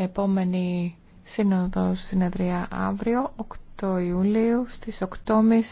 Επόμενη σύνοδος συνεδρία αύριο, 8 Ιουλίου, στις 8.30.